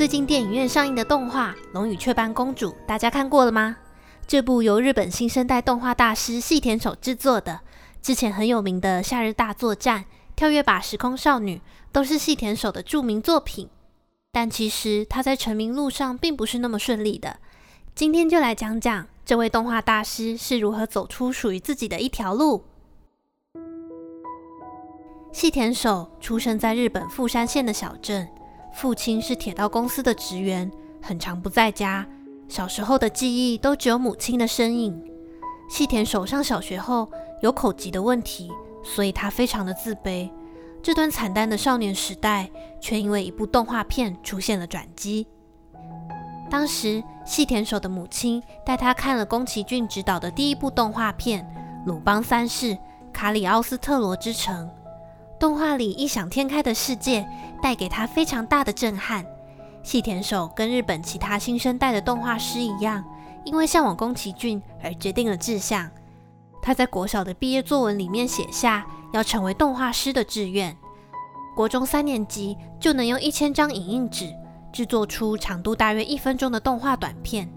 最近電影院上映的動畫《龍與雀斑公主》，大家看過了嗎？這部由日本新生代動畫大師細田守制作的，之前很有名的《夏日大作戰》《跳躍吧時空少女》都是細田守的著名作品。但其實他在成名路上並不是那麼順利的。今天就來講講這位動畫大師是如何走出屬於自己的一條路。細田守出生在日本富山縣的小鎮。父親是鐵道公司的職員，很常不在家。小時候的記憶都只有母親的身影。細田守上小學後有口疾的問題，所以他非常的自卑。這段慘淡的少年時代，卻因為一部動畫片出現了轉機。當時，細田守的母親帶他看了宮崎駿執導的第一部動畫片《魯邦三世：卡里奧斯特羅之城》。動畫裡異想天開的世界帶給他非常大的震撼。細田守跟日本其他新生代的動畫師一樣，因為嚮往宮崎駿而決定了志向。他在國小的畢業作文裡面寫下要成為動畫師的志願。國中三年級就能用一千張影印紙制作出長度大約一分鐘的動畫短片。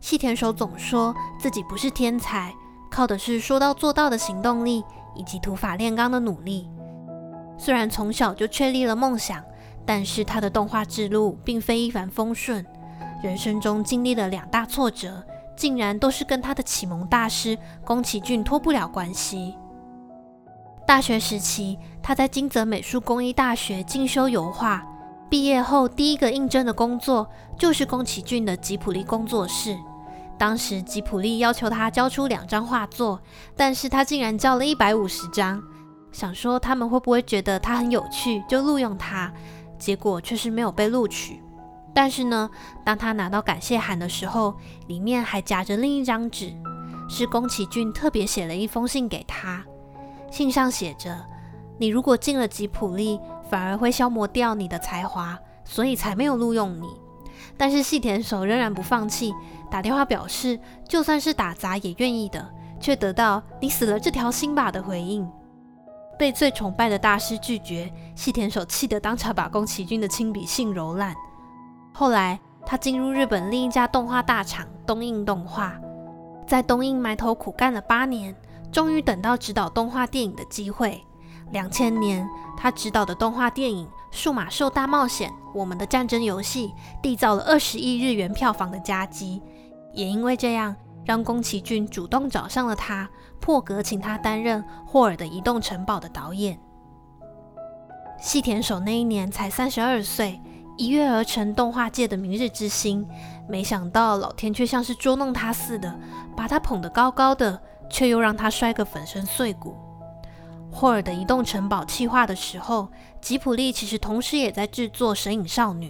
細田守總說自己不是天才，靠的是說到做到的行動力。以及土法煉鋼的努力，雖然從小就確立了夢想，但是他的動畫之路並非一帆風順。人生中經歷了兩大挫折，竟然都是跟他的啟蒙大師宮崎駿脫不了關係。大學時期，他在金澤美術工藝大學進修油畫，畢業後第一個應徵的工作就是宮崎駿的吉卜力工作室。當時吉普力要求他交出兩張畫作，但是他竟然交了一百五十張。想說他們會不會覺得他很有趣就錄用他，結果卻是沒有被錄取。但是呢，當他拿到感謝函的時候，裡面還夾着另一張紙，是宮崎駿特別寫了一封信給他。信上寫着：“你如果進了吉普力，反而會消磨掉你的才華，所以才沒有錄用你。”但是細田守仍然不放棄，打電話表示就算是打雜也願意的，卻得到“你死了這條心吧”的回應。被最崇拜的大師拒絕，細田守氣得當場把宮崎駿的親筆信揉爛。後來他進入日本另一家動畫大廠東映動畫，在東映埋頭苦幹了八年，終於等到執導動畫電影的機會。兩千年，他執導的動畫電影。《數碼獸大冒險》、我們的戰爭遊戲，締造了二十億日元票房的佳績，也因為這樣，讓宮崎駿主動找上了他，破格請他擔任《霍爾的移動城堡》的導演。細田守那一年才三十二歲，一躍而成動畫界的明日之星。沒想到老天卻像是捉弄他似的，把他捧得高高的，卻又讓他摔個粉身碎骨。霍爾的移動城堡企劃的時候，吉普利其實同時也在製作《神隱少女》，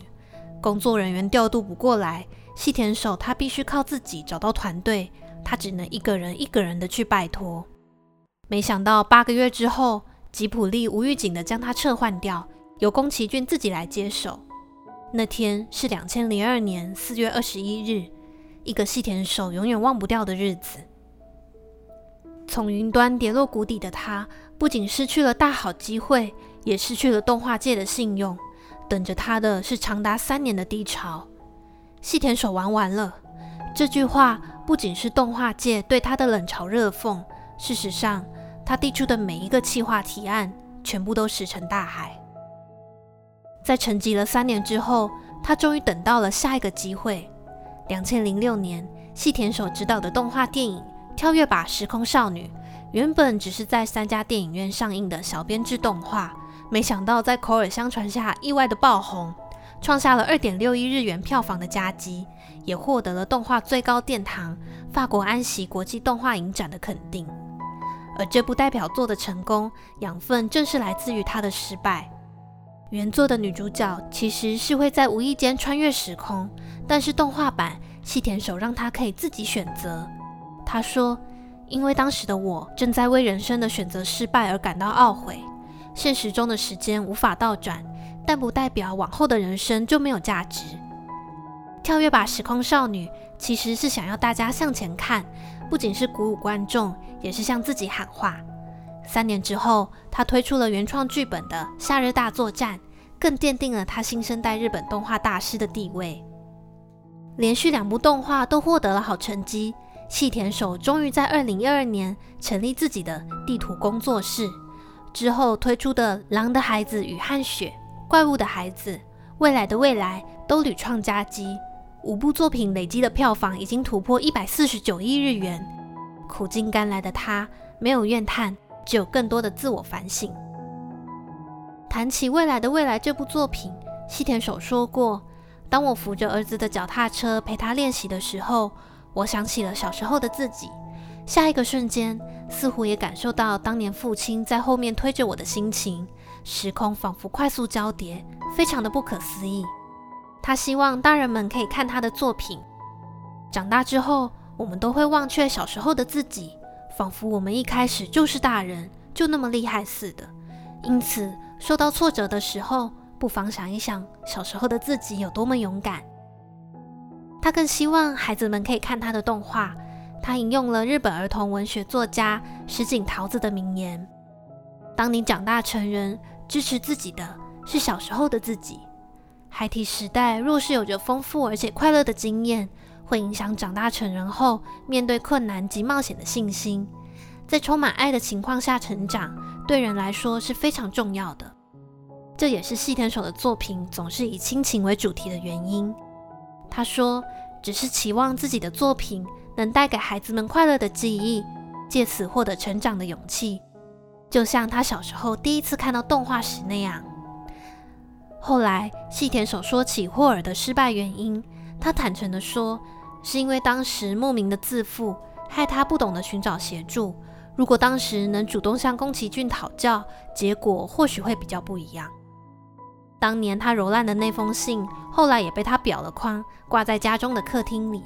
工作人員調度不過來，細田守他必須靠自己找到團隊，他只能一個人一個人的去拜託。沒想到八個月之後，吉普利無預警的將他撤換掉，由宮崎駿自己來接手。那天是兩千零二年四月二十一日，一個細田守永遠忘不掉的日子。從雲端跌落谷底的他，不僅失去了大好機會，也失去了動畫界的信用。等着他的是長達三年的低潮。細田守玩完了。這句話不僅是動畫界對他的冷嘲熱諷，事實上，他遞出的每一個企劃提案全部都石沉大海。在沉寂了三年之後，他終於等到了下一個機會。兩千零六年，細田守執導的動畫電影《跳躍吧，時空少女》。原本只是在三家電影院上映的小編制動畫，沒想到在口耳相傳下意外的爆紅，創下了二點六億日元票房的佳績，也獲得了動畫最高殿堂法國安錫國際動畫影展的肯定。而這部代表作的成功養分，正是來自於它的失敗。原作的女主角其實是會在無意間穿越時空，但是動畫版細田守讓她可以自己選擇。他說。因為當時的我正在為人生的選擇失敗而感到懊悔，現實中的時間無法倒轉，但不代表往後的人生就沒有價值。跳躍吧時空少女其實是想要大家向前看，不僅是鼓舞觀眾，也是向自己喊話。三年之後，他推出了原創劇本的《夏日大作戰》，更奠定了他新生代日本動畫大師的地位。連續兩部動畫都獲得了好成績。細田守終於在二零一二年成立自己的地圖工作室，之後推出的《狼的孩子雨和雪》、《怪物的孩子》、《未來的未來》都屢創佳績，五部作品累積的票房已經突破一百四十九億日元。苦盡甘來的他，沒有怨嘆，只有更多的自我反省。談起《未來的未來》這部作品，細田守說過：“當我扶着兒子的腳踏車陪他練習的時候。”我想起了小時候的自己，下一個瞬間似乎也感受到當年父親在後面推着我的心情，時空仿佛快速交疊，非常的不可思議。他希望大人們可以看他的作品。長大之後，我們都會忘卻小時候的自己，仿佛我們一開始就是大人，就那麼厲害似的。因此，受到挫折的時候，不妨想一想小時候的自己有多麼勇敢。他更希望孩子們可以看他的動畫。他引用了日本兒童文學作家石井桃子的名言：“當你長大成人，支持自己的是小時候的自己。孩提時代若是有着豐富而且快樂的經驗，會影響長大成人後面對困難及冒險的信心。在充滿愛的情況下成長，對人來說是非常重要的。這也是細田守的作品總是以親情為主題的原因。”他說：“只是期望自己的作品能帶給孩子們快樂的記憶，借此獲得成長的勇氣，就像他小時候第一次看到動畫時那樣。”後來，細田守說起霍爾的失敗原因，他坦誠地說：“是因為當時莫名的自負，害他不懂得尋找協助。如果當時能主動向宮崎駿討教，結果或許會比較不一樣。”當年他揉爛的那封信，後來也被他裱了框，掛在家中的客廳裡。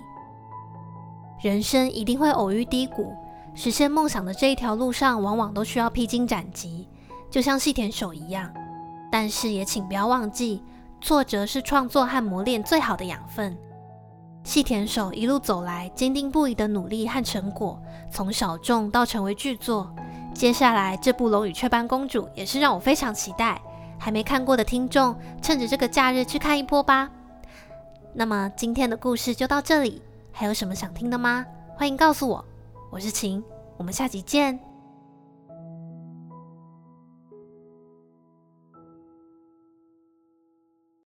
人生一定會偶遇低谷，實現夢想的這一條路上，往往都需要披荊斬棘，就像細田守一樣。但是也請不要忘記，挫折是創作和磨練最好的養分。細田守一路走來，堅定不移的努力和成果，從小眾到成為巨作。接下來這部《龍與雀斑公主》也是讓我非常期待。還沒看過的聽眾，趁着這個假日去看一波吧。那麼今天的故事就到這裡，還有什麼想聽的嗎？歡迎告訴我，我是晴，我們下期見。